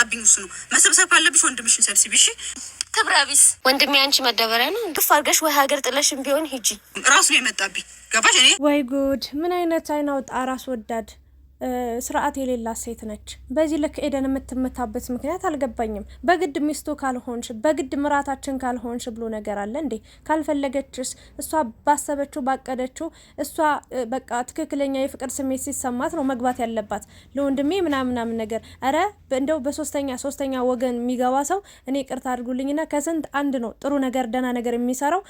የመጣብኝ እሱ ነው። መሰብሰብ ካለብሽ ወንድምሽን ሰብስቢ። እሺ ክብረቢስ ወንድሜ፣ አንቺ መደበሪያ ነው ግፍ አድርገሽ ወይ ሀገር ጥለሽም ቢሆን ሂጂ። ራሱ ነው የመጣብኝ ገባሽ? እኔ ወይ ጉድ! ምን አይነት አይናውጣ ራስ ወዳድ ስርዓት የሌላት ሴት ነች። በዚህ ልክ ኤደን የምትመታበት ምክንያት አልገባኝም። በግድ ሚስቱ ካልሆንሽ፣ በግድ ምራታችን ካልሆንሽ ብሎ ነገር አለ እንዴ? ካልፈለገችስ? እሷ ባሰበችው ባቀደችው፣ እሷ በቃ ትክክለኛ የፍቅር ስሜት ሲሰማት ነው መግባት ያለባት። ለወንድሜ ምናምናምን ነገር ረ እንደው በሶስተኛ ሶስተኛ ወገን የሚገባ ሰው እኔ ቅርታ አድርጉልኝና ከስንት አንድ ነው ጥሩ ነገር ደህና ነገር የሚሰራው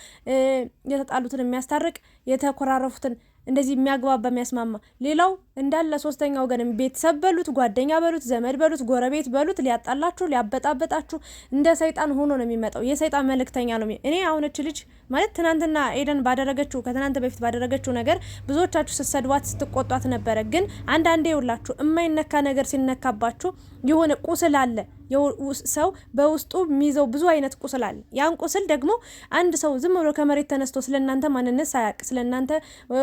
የተጣሉትን የሚያስታርቅ የተኮራረፉትን እንደዚህ የሚያግባባ የሚያስማማ ሌላው እንዳለ ሶስተኛ ወገንም ቤተሰብ በሉት ጓደኛ በሉት ዘመድ በሉት ጎረቤት በሉት ሊያጣላችሁ ሊያበጣበጣችሁ እንደ ሰይጣን ሆኖ ነው የሚመጣው። የሰይጣን መልእክተኛ ነው። እኔ አሁነች ልጅ ማለት ትናንትና ኤደን ባደረገችው ከትናንት በፊት ባደረገችው ነገር ብዙዎቻችሁ ስትሰድቧት ስትቆጧት ነበረ። ግን አንዳንዴ ይውላችሁ የማይነካ ነገር ሲነካባችሁ የሆነ ቁስል አለ። ሰው በውስጡ የሚይዘው ብዙ አይነት ቁስል አለ። ያን ቁስል ደግሞ አንድ ሰው ዝም ብሎ ከመሬት ተነስቶ ስለእናንተ ማንነት ሳያውቅ ስለእናንተ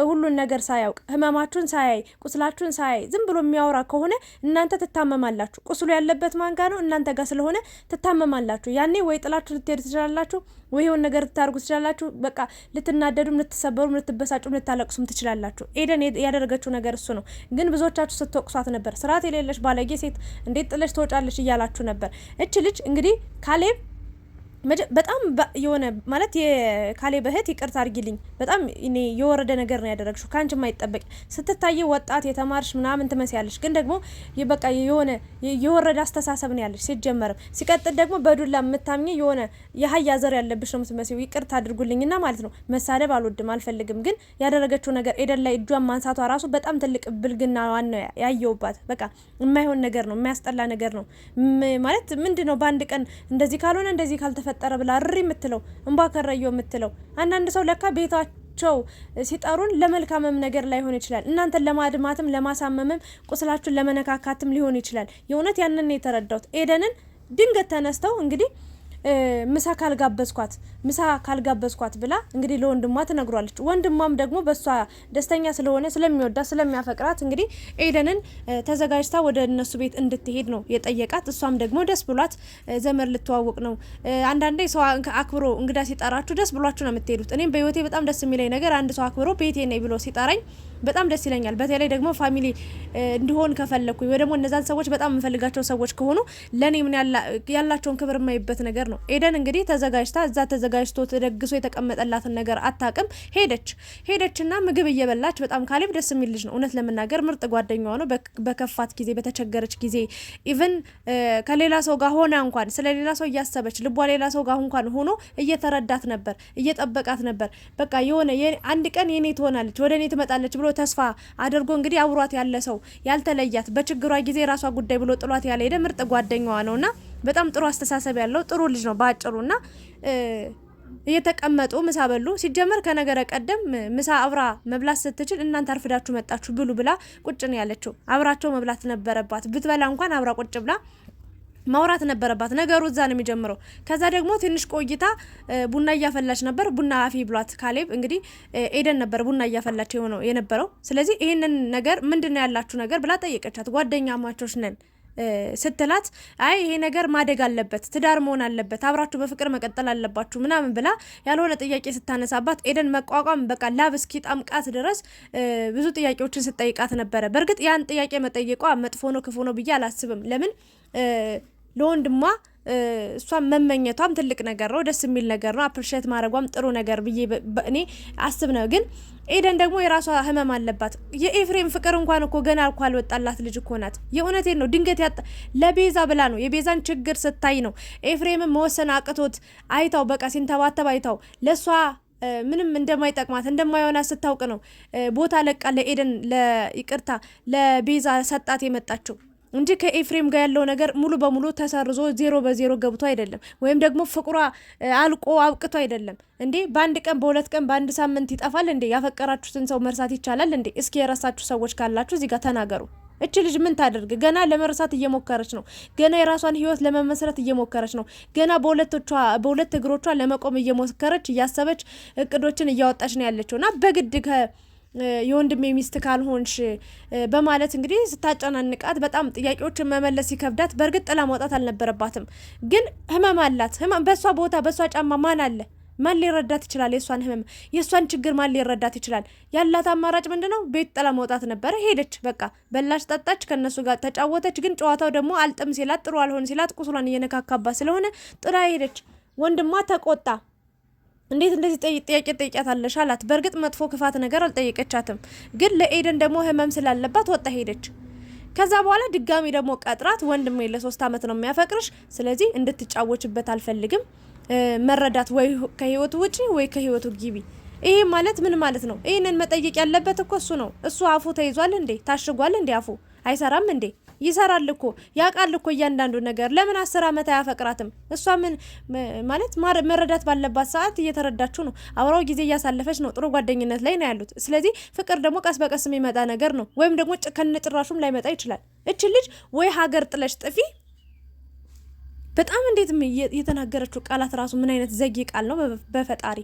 ሁሉን ነገር ሳያውቅ ህመማችሁን ሳያይ ቁስላ ቁስላችሁን ሳያይ ዝም ብሎ የሚያወራ ከሆነ እናንተ ትታመማላችሁ። ቁስሉ ያለበት ማንጋ ነው እናንተ ጋር ስለሆነ ትታመማላችሁ። ያኔ ወይ ጥላችሁ ልትሄዱ ትችላላችሁ፣ ወይ የሆነ ነገር ልታደርጉ ትችላላችሁ። በቃ ልትናደዱም፣ ልትሰበሩም፣ ልትበሳጩም፣ ልታለቅሱም ትችላላችሁ። ኤደን ያደረገችው ነገር እሱ ነው። ግን ብዙዎቻችሁ ስትወቅሷት ነበር። ስርዓት የሌለች ባለጌ ሴት እንዴት ጥለች ትወጫለች እያላችሁ ነበር። እች ልጅ እንግዲህ ካሌብ በጣም የሆነ ማለት የካሌ በህት ይቅርታ አድርጊልኝ፣ በጣም እኔ የወረደ ነገር ነው ያደረግሽው። ከአንቺ የማይጠበቅ ስትታየ ወጣት የተማርሽ ምናምን ትመስያለሽ፣ ግን ደግሞ በቃ የሆነ የወረደ አስተሳሰብ ነው ያለሽ ሲጀመርም። ሲቀጥል ደግሞ በዱላ የምታምኘ የሆነ የሀያ ዘር ያለብሽ ነው የምትመስይው። ይቅርታ አድርጉልኝና ማለት ነው። መሳደብ አልወድም አልፈልግም፣ ግን ያደረገችው ነገር ኤደን ላይ እጇን ማንሳቷ ራሱ በጣም ትልቅ ብልግናዋን ነው ያየውባት። በቃ የማይሆን ነገር ነው፣ የሚያስጠላ ነገር ነው ማለት ምንድን ነው። በአንድ ቀን እንደዚህ ካልሆነ እንደዚህ ካልተፈ ተፈጠረ ብላ እሪ የምትለው እንባ ከረየው የምትለው አንዳንድ ሰው ለካ ቤታቸው ሲጠሩን ለመልካምም ነገር ላይሆን ይችላል። እናንተን ለማድማትም ለማሳመምም ቁስላችሁን ለመነካካትም ሊሆን ይችላል። የእውነት ያንን የተረዳሁት ኤደንን ድንገት ተነስተው እንግዲህ ምሳ ካልጋበዝኳት ምሳ ካልጋበዝኳት ብላ እንግዲህ ለወንድሟ ትነግሯለች። ወንድሟም ደግሞ በሷ ደስተኛ ስለሆነ ስለሚወዳት ስለሚያፈቅራት እንግዲህ ኤደንን ተዘጋጅታ ወደ እነሱ ቤት እንድትሄድ ነው የጠየቃት። እሷም ደግሞ ደስ ብሏት ዘመድ ልተዋወቅ ነው። አንዳንዴ ሰው አክብሮ እንግዳ ሲጠራችሁ ደስ ብሏችሁ ነው የምትሄዱት። እኔም በህይወቴ በጣም ደስ የሚለኝ ነገር አንድ ሰው አክብሮ ቤቴ ነኝ ብሎ ሲጠራኝ በጣም ደስ ይለኛል። በተለይ ደግሞ ፋሚሊ እንዲሆን ከፈለግኩኝ ወይ ደግሞ እነዛን ሰዎች በጣም የምፈልጋቸው ሰዎች ከሆኑ ለእኔ ምን ያላቸውን ክብር የማይበት ነገር ነው። ኤደን እንግዲህ ተዘጋጅታ እዛ ተዘጋጅቶ ተደግሶ የተቀመጠላትን ነገር አታቅም። ሄደች ሄደችና ምግብ እየበላች በጣም ካሌብ ደስ የሚል ልጅ ነው። እውነት ለመናገር ምርጥ ጓደኛዋ ነው። በከፋት ጊዜ በተቸገረች ጊዜ ኢቨን ከሌላ ሰው ጋር ሆና እንኳን ስለ ሌላ ሰው እያሰበች ልቧ ሌላ ሰው ጋር እንኳን ሆኖ እየተረዳት ነበር፣ እየጠበቃት ነበር። በቃ የሆነ አንድ ቀን የኔ ትሆናለች ወደ እኔ ትመጣለች ብሎ ብሎ ተስፋ አድርጎ እንግዲህ አብሯት ያለ ሰው ያልተለያት በችግሯ ጊዜ የራሷ ጉዳይ ብሎ ጥሏት ያለ ሄደ ምርጥ ጓደኛዋ ነው እና በጣም ጥሩ አስተሳሰብ ያለው ጥሩ ልጅ ነው በአጭሩ እና እየተቀመጡ ምሳ በሉ። ሲጀመር ከነገረ ቀደም ምሳ አብራ መብላት ስትችል እናንተ አርፍዳችሁ መጣችሁ ብሉ ብላ ቁጭ ነው ያለችው። አብራቸው መብላት ነበረባት። ብትበላ እንኳን አብራ ቁጭ ብላ ማውራት ነበረባት። ነገሩ እዛ ነው የሚጀምረው። ከዛ ደግሞ ትንሽ ቆይታ ቡና እያፈላች ነበር። ቡና አፊ ብሏት ካሌብ እንግዲህ ኤደን ነበር ቡና እያፈላች የሆነው የነበረው። ስለዚህ ይህንን ነገር ምንድን ነው ያላችሁ ነገር ብላ ጠየቀቻት። ጓደኛ ማቾች ነን ስትላት አይ ይሄ ነገር ማደግ አለበት፣ ትዳር መሆን አለበት፣ አብራችሁ በፍቅር መቀጠል አለባችሁ ምናምን ብላ ያልሆነ ጥያቄ ስታነሳባት ኤደን መቋቋም በቃ ላብ እስኪ ጣምቃት ድረስ ብዙ ጥያቄዎችን ስጠይቃት ነበረ። በእርግጥ ያን ጥያቄ መጠየቋ መጥፎ ነው ክፉ ነው ብዬ አላስብም። ለምን ለወንድሟ እሷም መመኘቷም ትልቅ ነገር ነው፣ ደስ የሚል ነገር ነው። አፕሪሼት ማድረጓም ጥሩ ነገር ብዬ እኔ አስብ ነው። ግን ኤደን ደግሞ የራሷ ህመም አለባት። የኤፍሬም ፍቅር እንኳን እኮ ገና እኮ አልወጣላት ልጅ እኮ ናት። የእውነቴን ነው። ድንገት ያጣ ለቤዛ ብላ ነው። የቤዛን ችግር ስታይ ነው ኤፍሬምን መወሰን አቅቶት አይታው፣ በቃ ሲንተባተብ አይታው ለእሷ ምንም እንደማይጠቅማት እንደማይሆና ስታውቅ ነው ቦታ ለቃ ለኤደን ለይቅርታ ለቤዛ ሰጣት የመጣችው። እንጂ ከኤፍሬም ጋር ያለው ነገር ሙሉ በሙሉ ተሰርዞ ዜሮ በዜሮ ገብቶ አይደለም፣ ወይም ደግሞ ፍቅሯ አልቆ አብቅቶ አይደለም። እንዴ በአንድ ቀን በሁለት ቀን በአንድ ሳምንት ይጠፋል እንዴ? ያፈቀራችሁትን ሰው መርሳት ይቻላል እንዴ? እስኪ የረሳችሁ ሰዎች ካላችሁ እዚህ ጋር ተናገሩ። እች ልጅ ምን ታደርግ? ገና ለመርሳት እየሞከረች ነው። ገና የራሷን ህይወት ለመመስረት እየሞከረች ነው። ገና በሁለት እግሮቿ ለመቆም እየሞከረች እያሰበች እቅዶችን እያወጣች ነው ያለችው እና በግድ የወንድሜ ሚስት ካልሆንሽ በማለት እንግዲህ ስታጨናንቃት በጣም ጥያቄዎችን መመለስ ይከብዳት። በእርግጥ ጥላ ማውጣት አልነበረባትም፣ ግን ህመም አላት። ህመም በእሷ ቦታ በእሷ ጫማ ማን አለ? ማን ሊረዳት ይችላል? የእሷን ህመም የእሷን ችግር ማን ሊረዳት ይችላል? ያላት አማራጭ ምንድን ነው? ቤት ጥላ መውጣት ነበረ። ሄደች፣ በቃ በላሽ፣ ጠጣች፣ ከእነሱ ጋር ተጫወተች። ግን ጨዋታው ደግሞ አልጥም ሲላት፣ ጥሩ አልሆን ሲላት፣ ቁስሏን እየነካካባት ስለሆነ ጥላ ሄደች። ወንድሟ ተቆጣ። እንዴት እንደዚህ ጥያቄ ጠይቂያታለሽ አላት። በእርግጥ መጥፎ ክፋት ነገር አልጠየቀቻትም፣ ግን ለኤደን ደግሞ ህመም ስላለባት ወጣ ሄደች። ከዛ በኋላ ድጋሚ ደግሞ ቀጥራት ወንድሜ ለሶስት አመት ነው የሚያፈቅርሽ፣ ስለዚህ እንድትጫወችበት አልፈልግም። መረዳት ወይ ከህይወቱ ውጪ ወይ ከህይወቱ ግቢ። ይህ ማለት ምን ማለት ነው? ይህንን መጠየቅ ያለበት እኮ እሱ ነው። እሱ አፉ ተይዟል እንዴ? ታሽጓል እንዴ? አፉ አይሰራም እንዴ? ይሰራል እኮ ያውቃል እኮ እያንዳንዱ ነገር። ለምን አስር ዓመት አያፈቅራትም? እሷ ምን ማለት መረዳት ባለባት ሰዓት እየተረዳችው ነው። አብረው ጊዜ እያሳለፈች ነው። ጥሩ ጓደኝነት ላይ ነው ያሉት። ስለዚህ ፍቅር ደግሞ ቀስ በቀስ የሚመጣ ነገር ነው፣ ወይም ደግሞ ከነጭራሹም ላይመጣ ይችላል። እች ልጅ ወይ ሀገር ጥለሽ ጥፊ በጣም እንዴት የተናገረችው ቃላት ራሱ ምን አይነት ዘጌ ቃል ነው በፈጣሪ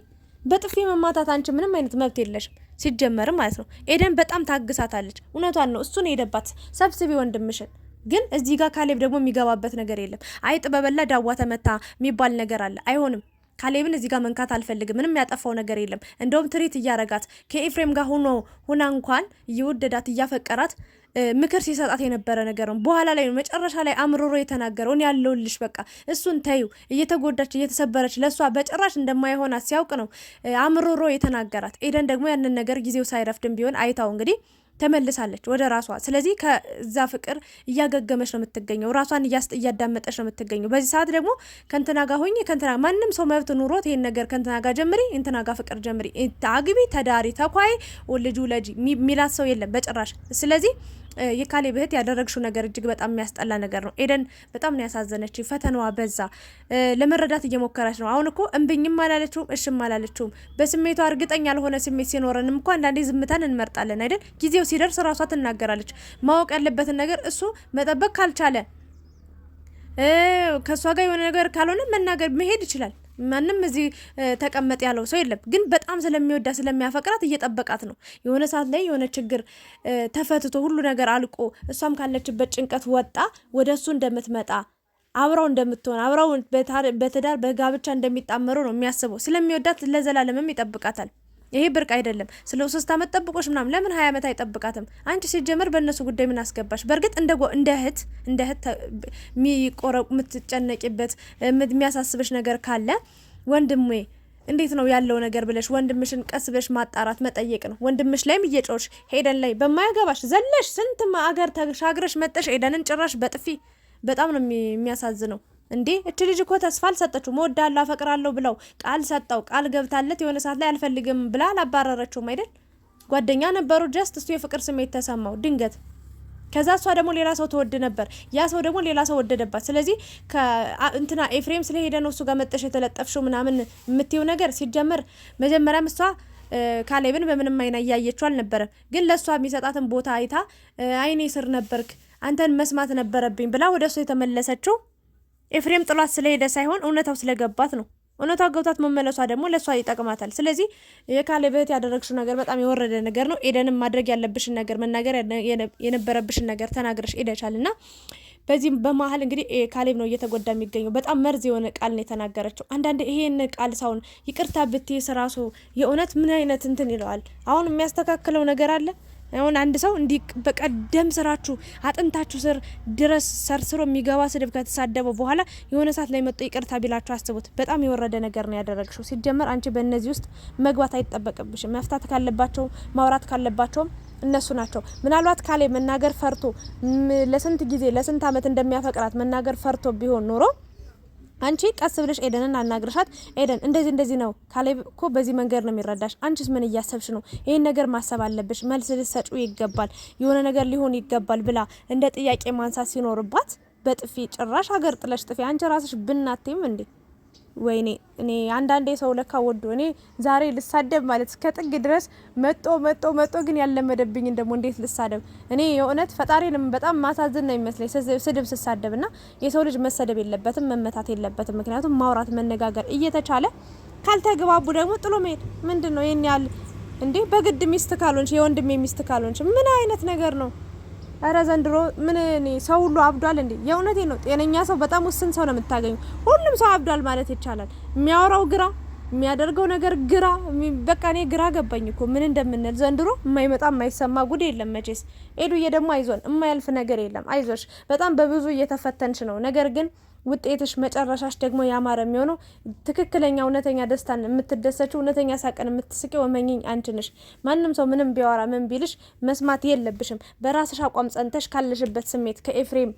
በጥፊ መማታት አንቺ ምንም አይነት መብት የለሽም ሲጀመር ማለት ነው። ኤደን በጣም ታግሳታለች። እውነቷን ነው። እሱን ሄደባት ሰብስቤ ወንድምሽን ግን እዚህ ጋር ካሌብ ደግሞ የሚገባበት ነገር የለም። አይጥ በበላ ዳዋ ተመታ የሚባል ነገር አለ። አይሆንም። ካሌብን እዚህ ጋር መንካት አልፈልግም። ምንም ያጠፋው ነገር የለም። እንደውም ትሪት እያረጋት ከኤፍሬም ጋር ሆኖ ሁና እንኳን እየወደዳት እያፈቀራት ምክር ሲሰጣት የነበረ ነገር ነው። በኋላ ላይ መጨረሻ ላይ አምሮሮ የተናገረውን ያለውልሽ በቃ እሱን ተዩ እየተጎዳች እየተሰበረች ለእሷ በጭራሽ እንደማይሆናት ሲያውቅ ነው አምሮሮ የተናገራት። ኤደን ደግሞ ያንን ነገር ጊዜው ሳይረፍድም ቢሆን አይታው እንግዲህ ተመልሳለች ወደ ራሷ። ስለዚህ ከዛ ፍቅር እያገገመች ነው የምትገኘው፣ ራሷን እያዳመጠች ነው የምትገኘው። በዚህ ሰዓት ደግሞ ከንትና ጋ ሆኜ ከንትና ማንም ሰው መብት ኑሮት ይሄን ነገር ከንትና ጀምሪ፣ እንትና ፍቅር ጀምሪ፣ አግቢ፣ ተዳሪ፣ ተኳይ፣ ወልጅ፣ ውለጂ የሚላት ሰው የለም በጭራሽ። ስለዚህ የካሌብ እህት ያደረግሽው ነገር እጅግ በጣም የሚያስጠላ ነገር ነው። ኤደን በጣም ነው ያሳዘነች። ፈተናዋ በዛ። ለመረዳት እየሞከረች ነው። አሁን እኮ እምብኝም አላለችውም፣ እሽም አላለችውም። በስሜቷ እርግጠኛ ያልሆነ ስሜት ሲኖረንም እኮ አንዳንዴ ዝምታን እንመርጣለን አይደል? ጊዜው ሲደርስ ራሷ ትናገራለች። ማወቅ ያለበትን ነገር እሱ መጠበቅ ካልቻለ ከእሷ ጋር የሆነ ነገር ካልሆነ መናገር መሄድ ይችላል። ማንም እዚህ ተቀመጥ ያለው ሰው የለም። ግን በጣም ስለሚወዳ ስለሚያፈቅራት እየጠበቃት ነው። የሆነ ሰዓት ላይ የሆነ ችግር ተፈትቶ ሁሉ ነገር አልቆ እሷም ካለችበት ጭንቀት ወጣ ወደ እሱ እንደምትመጣ አብረው እንደምትሆን አብረው በትዳር በጋብቻ እንደሚጣመሩ ነው የሚያስበው። ስለሚወዳት ለዘላለምም ይጠብቃታል። ይሄ ብርቅ አይደለም። ስለ ሶስት አመት ጠብቆሽ ምናምን ለምን ሀያ አመት አይጠብቃትም? አንቺ ሲጀምር በእነሱ ጉዳይ ምን አስገባሽ? በእርግጥ እንደ እንደ እህት እንደ እህት የሚቆረቁ የምትጨነቂበት የሚያሳስብሽ ነገር ካለ ወንድሜ እንዴት ነው ያለው ነገር ብለሽ ወንድምሽን ቀስ ብለሽ ማጣራት መጠየቅ ነው። ወንድምሽ ላይም እየጮሽ ሄደን ላይ በማያገባሽ ዘለሽ ስንት አገር ተሻግረሽ መጠሽ ሄደንን ጭራሽ በጥፊ በጣም ነው የሚያሳዝነው። እንዴ እች ልጅ እኮ ተስፋ አልሰጠችው። መወዳለሁ አፈቅራለሁ ብለው ቃል ሰጠው ቃል ገብታለት የሆነ ሰዓት ላይ አልፈልግም ብላ አላባረረችውም አይደል? ጓደኛ ነበሩ። ጀስት እሱ የፍቅር ስሜት ተሰማው ድንገት። ከዛ እሷ ደግሞ ሌላ ሰው ተወድ ነበር፣ ያ ሰው ደግሞ ሌላ ሰው ወደደባት። ስለዚህ ከእንትና ኤፍሬም ስለሄደ ነው እሱ ጋር መጠሽ የተለጠፍሽው ምናምን የምትይው ነገር ሲጀመር መጀመሪያም እሷ ካሌብን በምንም አይና እያየችው አልነበረም። ግን ለእሷ የሚሰጣትን ቦታ አይታ አይኔ ስር ነበርክ አንተን መስማት ነበረብኝ ብላ ወደ እሱ የተመለሰችው ኤፍሬም ጥሏት ስለሄደ ሳይሆን እውነታው ስለገባት ነው። እውነቷ ገብቷት መመለሷ ደግሞ ለእሷ ይጠቅማታል። ስለዚህ የካሌብ እህት ያደረግሽው ነገር በጣም የወረደ ነገር ነው። ኤደንም ማድረግ ያለብሽን ነገር መናገር የነበረብሽን ነገር ተናግረሽ ሄደሻል እና በዚህም በመሀል እንግዲህ ካሌብ ነው እየተጎዳ የሚገኘው። በጣም መርዝ የሆነ ቃል ነው የተናገረችው። አንዳንድ ይሄን ቃል ሳውን ይቅርታ ብትይ የእውነት ምን አይነት እንትን ይለዋል። አሁን የሚያስተካክለው ነገር አለ አሁን አንድ ሰው እንዲህ በቀደም ስራችሁ አጥንታችሁ ስር ድረስ ሰርስሮ የሚገባ ስድብ ከተሳደበው በኋላ የሆነ ሰዓት ላይ መጥቶ ይቅርታ ቢላችሁ አስቡት። በጣም የወረደ ነገር ነው ያደረግሽው። ሲጀመር አንቺ በእነዚህ ውስጥ መግባት አይጠበቅብሽም። መፍታት ካለባቸው ማውራት ካለባቸውም እነሱ ናቸው። ምናልባት ካሌ መናገር ፈርቶ ለስንት ጊዜ ለስንት አመት እንደሚያፈቅራት መናገር ፈርቶ ቢሆን ኖሮ አንቺ ቀስ ብለሽ ኤደንን አናግረሻት። ኤደን እንደዚህ እንደዚህ ነው ካሌብ እኮ በዚህ መንገድ ነው የሚረዳሽ። አንቺስ ምን እያሰብሽ ነው? ይህን ነገር ማሰብ አለብሽ፣ መልስ ልሰጩ ይገባል፣ የሆነ ነገር ሊሆን ይገባል ብላ እንደ ጥያቄ ማንሳት ሲኖርባት በጥፊ ጭራሽ ሀገር ጥለሽ ጥፊ። አንቺ ራስሽ ብናቴም እንዴ ወይኔ እኔ አንዳንዴ ሰው ለካ ወዶ እኔ ዛሬ ልሳደብ ማለት እስከ ጥግ ድረስ መጦ መጦ መጦ ግን ያለመደብኝ ደግሞ እንዴት ልሳደብ? እኔ የእውነት ፈጣሪንም በጣም ማሳዝን ነው የሚመስለኝ ስድብ ስሳደብ ና የሰው ልጅ መሰደብ የለበትም መመታት የለበትም። ምክንያቱም ማውራት መነጋገር እየተቻለ ካልተግባቡ ደግሞ ጥሎ መሄድ ምንድን ነው? ይህን ያህል እንዴ በግድ ሚስት ካልሆንች የወንድሜ ሚስት ካልሆንች ምን አይነት ነገር ነው? እረ ዘንድሮ ምን ሰው ሁሉ አብዷል እንዴ? የእውነቴ ነው። ጤነኛ ሰው በጣም ውስን ሰው ነው የምታገኙ። ሁሉም ሰው አብዷል ማለት ይቻላል። የሚያወራው ግራ፣ የሚያደርገው ነገር ግራ። በቃ እኔ ግራ ገባኝ እኮ ምን እንደምንል ዘንድሮ። የማይመጣ የማይሰማ ጉድ የለም መቼስ። ኤዱዬ ደግሞ አይዞን፣ የማያልፍ ነገር የለም አይዞሽ። በጣም በብዙ እየተፈተንች ነው ነገር ግን ውጤትሽ መጨረሻሽ ደግሞ ያማረ የሚሆነው ትክክለኛ እውነተኛ ደስታን የምትደሰችው እውነተኛ ሳቅን የምትስቂ ወመኝኝ አንቺ ነሽ። ማንም ሰው ምንም ቢያወራ ምን ቢልሽ መስማት የለብሽም። በራስሽ አቋም ጸንተሽ ካለሽበት ስሜት ከኤፍሬም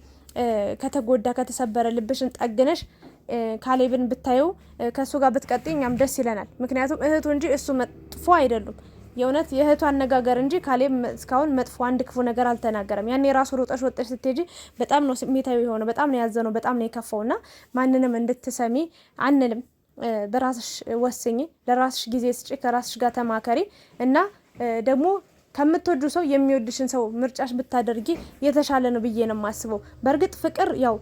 ከተጎዳ ከተሰበረ ልብሽን ጠግነሽ ካሌብን ብታየው ከእሱ ጋር ብትቀጥይ እኛም ደስ ይለናል። ምክንያቱም እህቱ እንጂ እሱ መጥፎ አይደሉም። የእውነት የእህቱ አነጋገር እንጂ ካሌብ እስካሁን መጥፎ አንድ ክፉ ነገር አልተናገረም። ያኔ ራሱ ሮጠሽ ወጠሽ ስትሄጂ በጣም ነው ስሜታዊ የሆነ በጣም ነው ያዘነው፣ በጣም ነው የከፋው። እና ማንንም እንድትሰሚ አንልም። በራስሽ ወስኝ፣ ለራስሽ ጊዜ ስጪ፣ ከራስሽ ጋር ተማከሪ እና ደግሞ ከምትወዱ ሰው የሚወድሽን ሰው ምርጫሽ ብታደርጊ የተሻለ ነው ብዬ ነው የማስበው። በእርግጥ ፍቅር ያው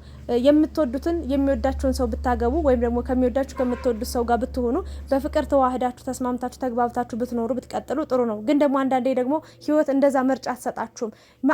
የምትወዱትን የሚወዳችሁን ሰው ብታገቡ ወይም ደግሞ ከሚወዳችሁ ከምትወዱት ሰው ጋር ብትሆኑ በፍቅር ተዋህዳችሁ ተስማምታችሁ ተግባብታችሁ ብትኖሩ ብትቀጥሉ ጥሩ ነው። ግን ደግሞ አንዳንዴ ደግሞ ህይወት እንደዛ ምርጫ አትሰጣችሁም።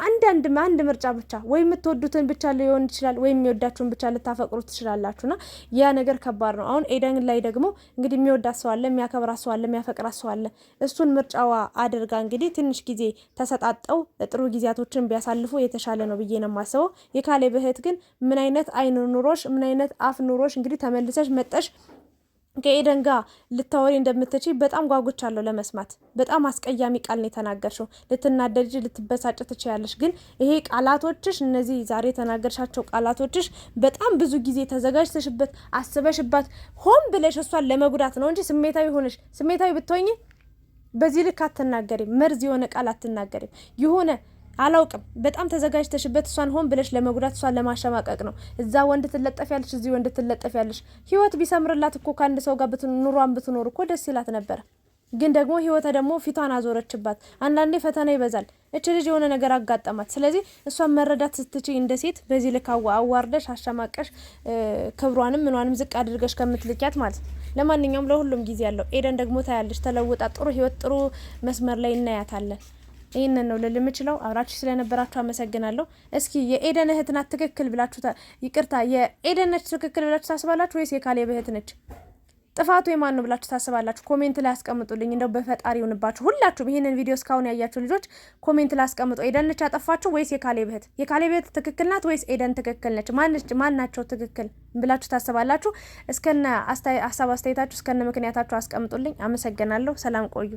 አንዳንድ አንድ ምርጫ ብቻ ወይ የምትወዱትን ብቻ ሊሆን ይችላል ወይም የሚወዳችሁን ብቻ ልታፈቅሩ ትችላላችሁና ያ ነገር ከባድ ነው። አሁን ኤደን ላይ ደግሞ እንግዲህ የሚወዳት ሰው አለ፣ የሚያከብራት ሰው አለ፣ የሚያፈቅራት ሰው አለ። እሱን ምርጫዋ አድርጋ እንግዲህ ትንሽ ጊዜ ተሰጣጠው ጥሩ ጊዜያቶችን ቢያሳልፉ የተሻለ ነው ብዬ ነው የማስበው። የካሌብ እህት ግን ምን አይነት አይን ኑሮሽ፣ ምን አይነት አፍ ኑሮሽ እንግዲህ ተመልሰሽ መጠሽ ከኤደን ጋር ልታወሪ እንደምትችይ በጣም ጓጉቻለሁ ለመስማት። በጣም አስቀያሚ ቃል ነው የተናገርሽው። ልትናደጅ ልትበሳጭ ትችያለሽ፣ ግን ይሄ ቃላቶችሽ፣ እነዚህ ዛሬ የተናገርሻቸው ቃላቶችሽ በጣም ብዙ ጊዜ ተዘጋጅተሽበት አስበሽባት ሆን ብለሽ እሷን ለመጉዳት ነው እንጂ ስሜታዊ ሆነሽ ስሜታዊ ብትሆኝ በዚህ ልክ አትናገሪም፣ መርዝ የሆነ ቃል አትናገሪም። የሆነ አላውቅም በጣም ተዘጋጅተሽበት እሷን ሆን ብለሽ ለመጉዳት እሷን ለማሸማቀቅ ነው። እዛ ወንድ ትለጠፍ ያለሽ፣ እዚህ ወንድ ትለጠፍ ያለሽ። ህይወት ቢሰምርላት እኮ ከአንድ ሰው ጋር ኑሯን ብትኖር እኮ ደስ ይላት ነበረ። ግን ደግሞ ህይወተ ደግሞ ፊቷን አዞረችባት። አንዳንዴ ፈተና ይበዛል። እች ልጅ የሆነ ነገር አጋጠማት። ስለዚህ እሷን መረዳት ስትችይ እንደ ሴት በዚህ ልክ አዋርደሽ አሸማቀሽ ክብሯንም ምኗንም ዝቅ አድርገሽ ከምትልኪያት ማለት ነው ለማንኛውም ለሁሉም ጊዜ ያለው ኤደን ደግሞ ታያለች ተለውጣ ጥሩ ህይወት ጥሩ መስመር ላይ እናያታለን። ይህንን ነው ልል የምችለው። አብራችሁ ስለነበራችሁ አመሰግናለሁ። እስኪ የኤደን እህት ናት ትክክል ብላችሁ ይቅርታ፣ የኤደን ነች ትክክል ብላችሁ ታስባላችሁ ወይስ የካሌብ እህት ነች? ጥፋቱ የማን ነው ብላችሁ ታስባላችሁ? ኮሜንት ላይ አስቀምጡልኝ። እንደው በፈጣሪ ይሁንባችሁ ሁላችሁም። ይህንን ቪዲዮ እስካሁን ያያችሁ ልጆች ኮሜንት ላይ አስቀምጡ። ኤደንች ነች ያጠፋችሁ ወይስ የካሌብ እህት? የካሌብ እህት ትክክል ናት ወይስ ኤደን ትክክል ነች? ማናቸው ትክክል ብላችሁ ታስባላችሁ? እስከነ ሀሳብ አስተያየታችሁ እስከነ ምክንያታችሁ አስቀምጡልኝ። አመሰግናለሁ። ሰላም ቆዩ።